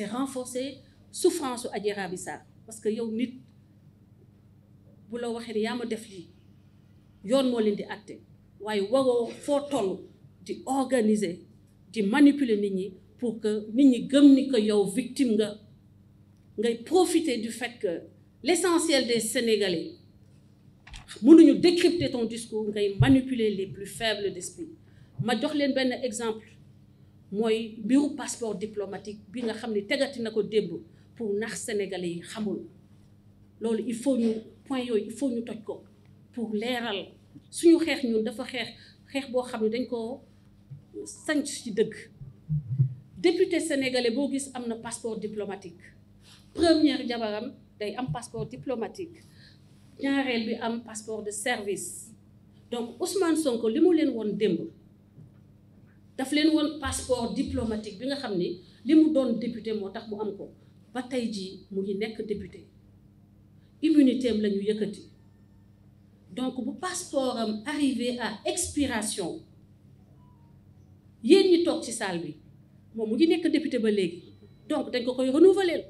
c'est renforcer souffrance su Adji Raby parce que yow nit bu la waxee ne yaa ma def lii yoon moo leen di àtte waaye waroo foo toll di organiser di manipuler nit ñi pour que nit ñi gëm ni que yow victime nga ngay profiter du fait que l'essentiel des Sénégalais mënuñu décrypter ton discours ngay manipuler les plus faibles d'esprit ma jox leen benn exemple mooy mbiru passeport diplomatique bi nga xam ne tegati na ko démb pour nax sénégalais yi xamul loolu il faut ñu point yooyu il faut ñu toj ko pour leeral suñu xeex ñun dafa xeex xeex boo xam ne dañ koo ko sanc ci dëgg député sénégalais boo gis am na passeport diplomatique première jabaram day am passeport diplomatique ñaareel bi am passeport de service donc Ousmane sonk li mu leen woon démb daf leen woon passeport diplomatique bi nga xam ni li mu doon député moo tax mu am ko ba tey jii mu ngi nekk député immunité am la ñu yëkkati donc bu passeport am arrivé à expiration yéen ñi toog ci salle bi moom mu ngi nekk député ba léegi donc dañ ko koy renouveler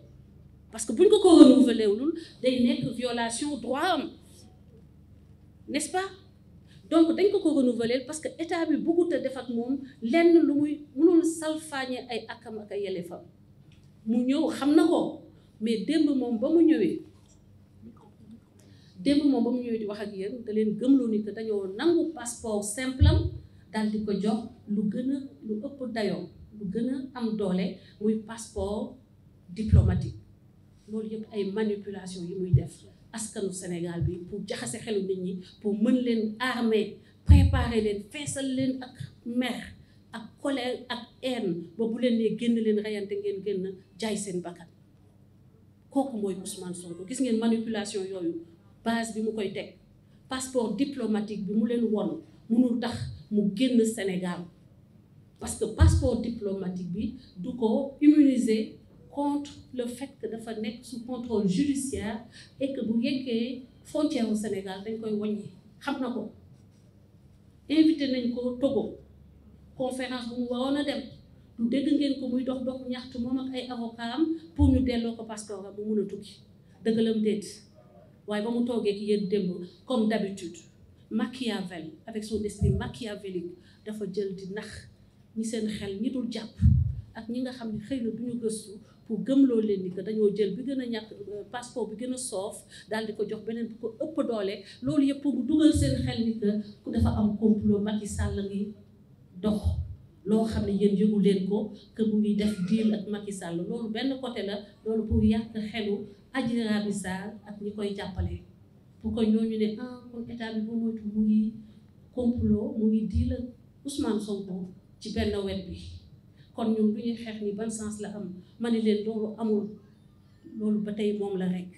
parce que buñ ko ko renouveler wul day nekk violation droit am nest pas donc dañ ko ko renouveler parce que état bi bëggut a def ak moom lenn lu muy mënul salfaañe ay akam ak ay mu ñëw xam na ko mais démb moom ba mu ñëwee démb moom ba mu ñëwee di wax ak yéen da leen gëmloo ni que dañoo nangu passeport simple am daal di ko jox lu gën a lu ëpp dayoo lu gën a am doole muy passeport diplomatique loolu yëpp ay manipulation yi muy def askanu Sénégal bi pour jaxase xelu nit ñi pour mën leen armer préparer leen feesal leen ak mer ak colère ak haine ba bu leen nee génn leen reyante ngeen génn jaay seen bakkan kooku mooy Ousmane Sonko gis ngeen manipulation yooyu base bi mu koy teg passeport diplomatique bi mu leen won mënul tax mu génn Sénégal parce que passeport diplomatique bi du ko immuniser contre le fait dafa nekk sous contrôle judiciaire et bu yeggee frontière au Sénégal dañ koy wàññi xam na ko invité nañ ko Togo conférence bu mu waroon a dem du dégg ngeen ko muy dox dox ñaxt moom ak ay avocat am pour ñu delloo ko passeport am mu mun a tukki dëggalam déet waaye ba mu toogee ak yéen démb comme d'habitude Machiavel avec son esprit machiavélique dafa jël di nax ñi seen xel ñi dul jàpp ak ñi nga xam ni xëy na du ñu gëstu gëm gëmloo leen ni que dañoo jël bi gën a ñàkk euh, passeport bi gën a soof daal di ko jox beneen bu ko ëpp doole loolu yëpp pour dugal seen xel ni que ku dafa am complot Macky Sall ngi dox loo xam ne yéen yëgu leen ko que mu ngi def deal ak Macky Sall loolu benn côté la loolu pour yàq xelu Adji Raby Sarr ak ñi koy jàppale pour ko ñooñu ne ah kon état bi ba moytu mu ngi complot mu ngi deal ak Ousmane ci benn wet bi kon ñoom lu ñuy xeex ni ban sens la am ma ne leen loolu amul loolu ba tey moom la rek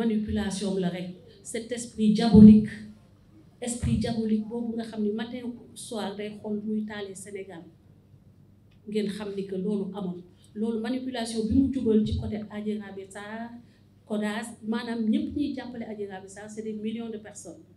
manipulation la rek cet esprit diabolique esprit diabolique boobu nga xam ni matin soir day xool muy taalee Sénégal ngeen xam ni que loolu amul loolu manipulation bi mu jubal ci côté Adji Raby Sarr CODAS maanaam ñëpp ñuy jàppale Adji Raby Sarr c'est des millions de personnes